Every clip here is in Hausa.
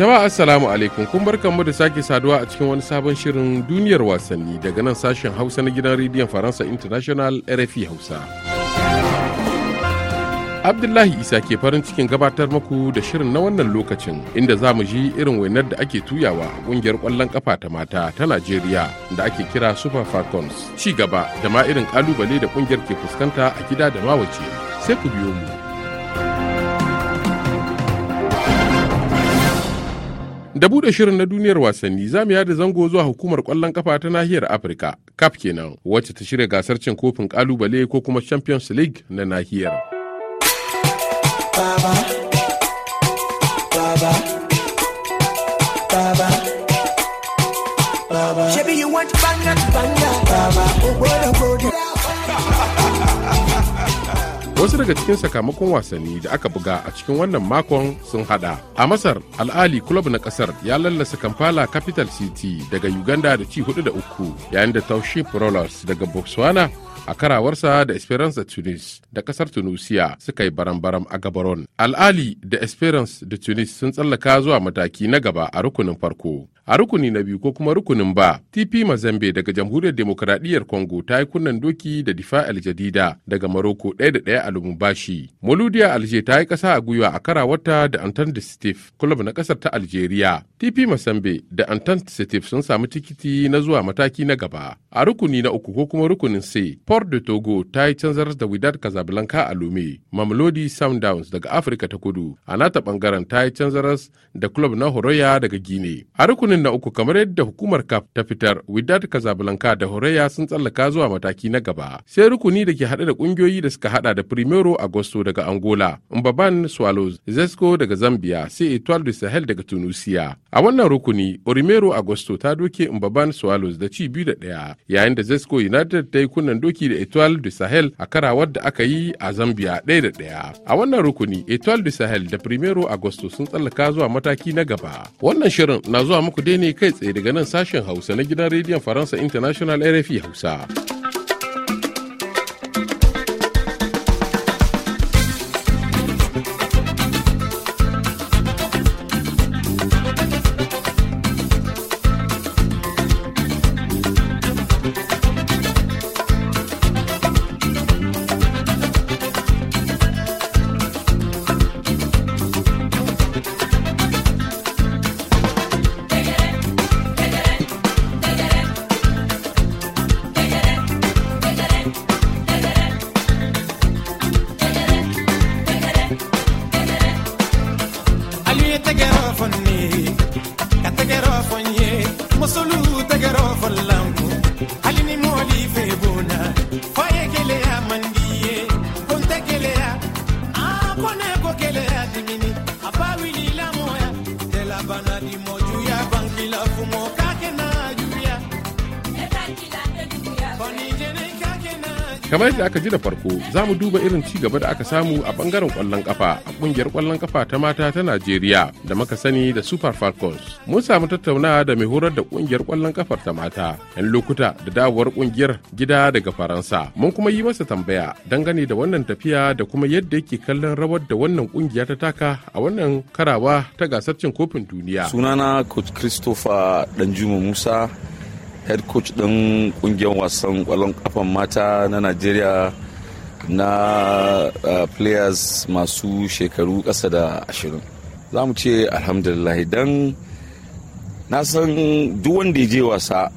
Jama'a Assalamu alaikum kun barkanmu da sake saduwa a cikin wani sabon shirin duniyar wasanni daga nan sashen Hausa na gidan rediyon Faransa International RFI Hausa. Abdullahi Isa ke farin cikin gabatar muku da shirin na wannan lokacin inda za mu ji irin wainar da ake tuyawa kungiyar kwallon kafa ta mata ta Najeriya da ake kira Super Falcons. Ci gaba da ma irin kalubale da kungiyar ke fuskanta a gida da mawace Sai ku biyo mu Da buɗe shirin na duniyar wasanni za mu yada zango zuwa hukumar ƙwallon kafa ta nahiyar Afirka, kaf kenan, wacce ta shirya gasar cin kofin ƙalubale ko kuma Champions League na nahiyar. Baba, baba, baba, baba. daga cikin sakamakon wasanni da aka buga a cikin wannan makon sun hada. A Masar, Al'ali Club na kasar ya lallasa Kampala Capital City daga Uganda da ci hudu da uku, yayin da township Rollers daga Botswana a karawarsa da Esperance da Tunis da kasar Tunisia suka yi baram-baram a Gabaron. Al'ali da Esperance da Tunis sun tsallaka zuwa mataki na gaba a rukunin farko. a rukuni na biyu ko kuma rukunin ba tp mazambe daga jamhuriyar demokradiyyar congo ta yi kunnen doki da difa aljadida daga maroko ɗaya da ɗaya a lumumbashi moludiya alje ta yi kasa a gwiwa a wata da entente steve club na ƙasar ta algeria tp mazambe da entente steve sun samu tikiti na zuwa mataki na gaba a rukuni na uku ko kuma rukunin c port de togo ta yi canzar da widad casablanca a lome mamelodi sundowns daga afirka ta kudu a nata bangaren ta yi canzaras da kulub na horoya daga gine a rukunin Rukunin na uku kamar yadda hukumar CAF ta fitar Wydad Casablanca da Horeya sun tsallaka zuwa mataki na gaba. Sai rukuni da ke haɗe da kungiyoyi da suka haɗa da Primero Agosto daga Angola, Mbaban Swallows, Zesco daga Zambia, sai Etoile de Sahel daga Tunisia. A wannan rukuni, Orimero Agosto ta doke Mbaban Swallows da ci biyu da ɗaya, yayin da Zesco United ta yi kunnen doki da Etoile de Sahel a karawar da aka yi a Zambia ɗaya da ɗaya. A wannan rukuni, Etoile de Sahel da Primero Agosto sun tsallaka zuwa mataki na gaba. Wannan shirin na zuwa muku ku ne kai tsaye daga nan sashen Hausa na gidan rediyon Faransa International RFI Hausa. apanhei uma kamar yadda aka ji da farko za mu duba irin ci gaba da aka samu a bangaren kwallon kafa a kungiyar kwallon kafa ta mata ta najeriya da muka sani da super falcons mun samu tattaunawa da mai horar da kungiyar kwallon kafar ta mata yan lokuta da dawowar kungiyar gida daga faransa mun kuma yi masa tambaya dangane da wannan tafiya da kuma yadda yake kallon rawar da wannan kungiya ta taka a wannan karawa ta gasar cin kofin duniya sunana coach christopher danjuma musa head coach ɗin ƙungiyar wasan ƙwallon ƙafan mata na Najeriya na players masu shekaru ƙasa da ashirin. Za mu ce alhamdulillah don na san duk wanda ya je wasa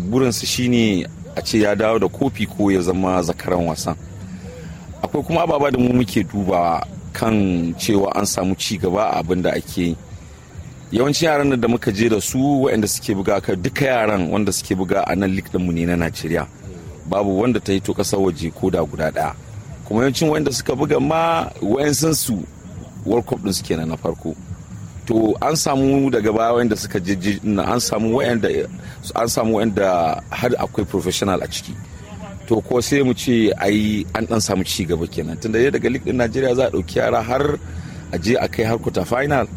burinsa shine a ce ya dawo da kofi ko ya zama zakaran wasan. Akwai kuma ababa da mu muke duba kan cewa an samu ci gaba a abin da ake yi. yawancin yaran da muka je da su waɗanda suke buga ka duka yaran wanda suke buga a nan lik mu ne na Najeriya babu wanda ta yi to ƙasar waje ko da guda ɗaya kuma yawancin waɗanda suka buga ma wayansun su World Cup din suke na farko to an samu daga baya waɗanda suka je an samu waɗanda an samu waɗanda har akwai professional a ciki to ko sai mu ce ai an dan samu ci gaba kenan tunda daga lik din Najeriya za a ɗauki yara har a je a kai har kuta final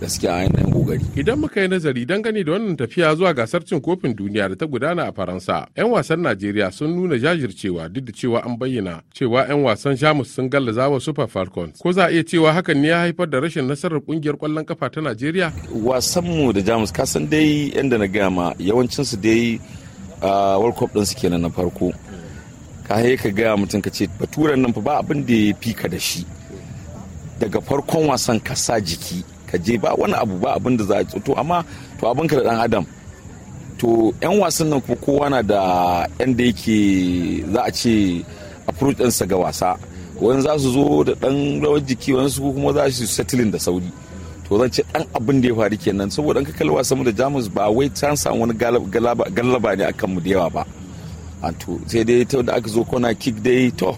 gaskiya an yi kokari. Idan muka yi nazari dangane da wannan tafiya zuwa gasar cin kofin duniya da ta gudana a Faransa, 'yan wasan Najeriya sun nuna jajircewa duk da cewa an bayyana cewa 'yan wasan Jamus sun gallaza wa Super Falcons. Ko za a iya cewa hakan ne ya haifar da rashin nasarar kungiyar kwallon kafa ta Najeriya? Wasan mu da Jamus kasan dai yanda na gaya ma yawancin su dai World Cup din su kenan na farko. Ka ka gaya mutum ka ce baturan nan fa ba abin da ya fika da shi. Daga farkon wasan ka sa jiki ka je ba wani abu ba abin da za a to amma to abin ka da dan adam to yan wasan nan kuma kowa na da yan da yake za a ce approach ɗinsa ga wasa wani za su zo da ɗan rawar jiki wani su kuma za su settling da sauri to zan ce ɗan abin da ya faru kenan saboda ka kalli wasan da jamus ba wai can samu wani galaba ne akan mu da yawa ba to sai dai ta da aka zo kona kick dai to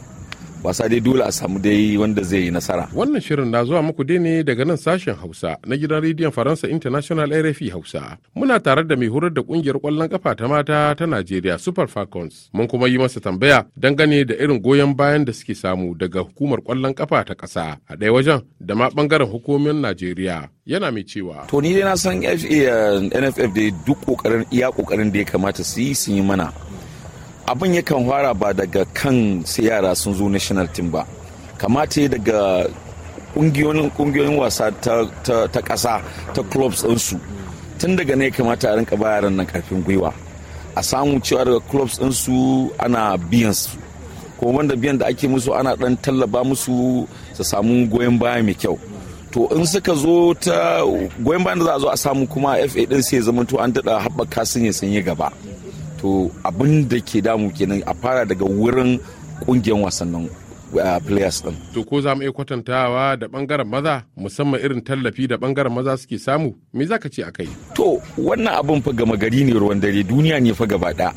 wasa dai dole a samu dai wanda zai yi nasara wannan shirin na zuwa muku dai ne daga nan sashen hausa na gidan rediyon faransa international rfi hausa muna tare da mai horar da kungiyar kwallon kafa ta mata ta najeriya super falcons mun kuma yi masa tambaya dangane da irin goyon bayan da suke samu daga hukumar kwallon kafa ta ƙasa a ɗaya wajen da ma bangaren hukumomin najeriya yana mai cewa to ni dai na san nff eh, dai duk kokarin iya kokarin da ya kamata su yi sun yi mana abin yakan fara ba daga kan sai yara sun zo national team ba kamata daga kungiyoyin wasa ta kasa ta clubs su tun daga ne kamata a rinka ba yaran nan karfin gwiwa a samu cewa daga clubs su ana biyan su ko wanda biyan da ake musu ana dan tallaba musu su samu goyon baya mai kyau to in suka zo ta goyon bayan da za a zo a samu kuma fa din sai zama to an daɗa haɓaka sun yi gaba to abin da ke damu kenan a fara daga wurin kungiyar wasannin eh, players din to ko za mu iya kwatantawa da bangaren maza musamman irin tallafi da bangaren maza suke samu me za ka ce a kai to wannan abin fa gama gari ne ruwan dare duniya ne fa gaba ɗaya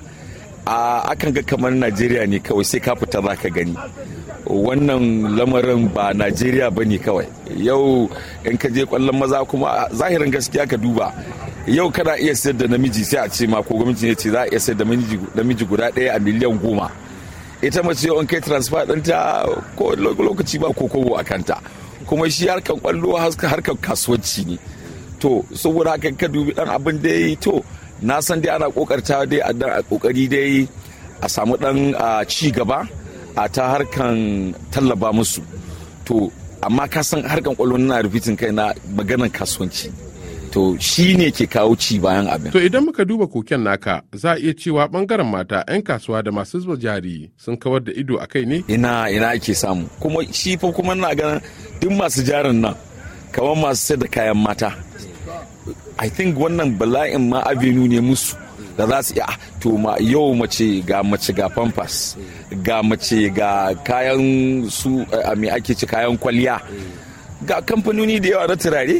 a akan ga kamar najeriya ne kawai sai ka fita za ka gani wannan lamarin ba najeriya ba ne kawai yau in ka je kwallon maza kuma zahirin gaskiya ka duba yau kana iya sayar da namiji sai a ce ma ko gwamnati ne ce za a iya sayar da namiji guda ɗaya a miliyan goma ita mace yau an kai transfer ɗinta ko lokaci ba ko kogo a kanta kuma shi harkar kwallo harkar kasuwanci ne to saboda haka ka dubi dan abin da yi to na san dai ana kokarta dai a dan kokari dai a samu dan ci gaba a ta harkan tallaba musu to amma ka san harkan kwallo na rufitin kai na maganar kasuwanci to shi ne ke kawo ci bayan abin. To idan muka duba koken naka za a iya cewa bangaren mata 'yan kasuwa da masu zuba jari sun kawar da ido a kai ne? Ina ina ake samu kuma shi fa kuma na ganin duk masu jarin nan kamar masu sai da kayan mata. I think wannan bala'in ma avenue ne musu. da za su iya ah, to ma yau mace ga mace ga pampas ga mace ga kayan su a eh, ake ci kayan kwalliya ga kamfanoni da yawa na turare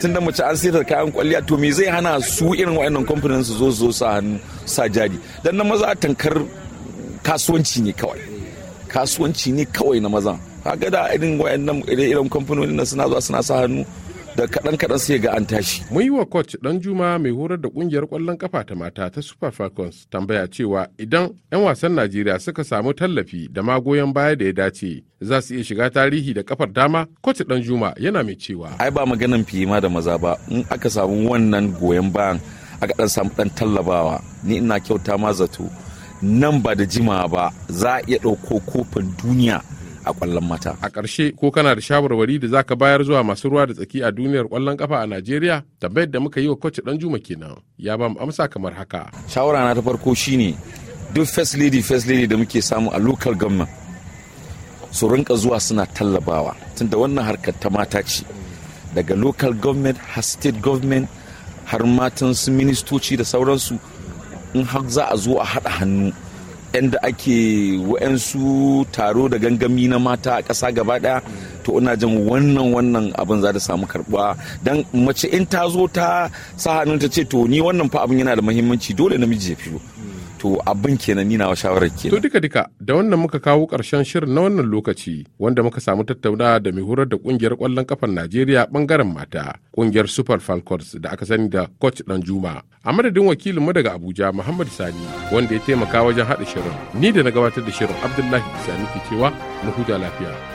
tunda mace an sayar da kayan kwalliya to me zai hana su irin wa'annan kamfanin su zo zo sa hannu sa jari dan na maza tankar kasuwanci ne kawai kasuwanci ne kawai na maza kaga da irin wa'annan irin kamfanonin suna zuwa suna sa hannu da kaɗan kaɗan sai ga an tashi. Mun yi wa coach dan juma mai horar da ƙungiyar ƙwallon ƙafa ta mata ta Super Falcons tambaya cewa idan 'yan wasan Najeriya suka samu tallafi da magoyan baya da ya dace za su iya shiga tarihi da kafar dama coach dan juma yana mai cewa. Ai ba maganan fima da maza ba in aka samu wannan goyon bayan aka ɗan samu ɗan tallabawa ni ina kyauta ma zato nan ba da jima ba za a iya ɗauko kofin duniya a kwallon mata. A ƙarshe ko kana da shawarwari da zaka bayar zuwa masu ruwa da tsaki a duniyar kwallon kafa a Najeriya? Tambayar da muka yi wa ɗan Danjuma kenan. Ya ba mu amsa kamar haka. Shawara na ta farko shine duk first lady first lady da muke samu a local government su rinka zuwa suna tallabawa tunda wannan harkar ta mata ce daga local government har state government har matan su ministoci da sauransu in har za a zo a haɗa hannu inda ake wa'ansu taro da gangami na mata a ƙasa gaba ɗaya to ina jin wannan wannan abin za ta samu karbuwa dan mace in ta zo ta sa hannun ta ce to ni wannan fa abin yana da muhimmanci dole namiji ya fito to abin kenan ni wa shawarar kenan. to duka duka da wannan muka kawo karshen shirin na wannan lokaci wanda muka samu tattauna da mai horar da kungiyar kwallon kafar Najeriya bangaren mata kungiyar Super Falcons da aka sani da coach Danjuma a madadin wakilinmu daga Abuja Muhammad Sani wanda ya taimaka wajen haɗa shirin ni da na gabatar da shirin Abdullahi Sani ke cewa mu huta lafiya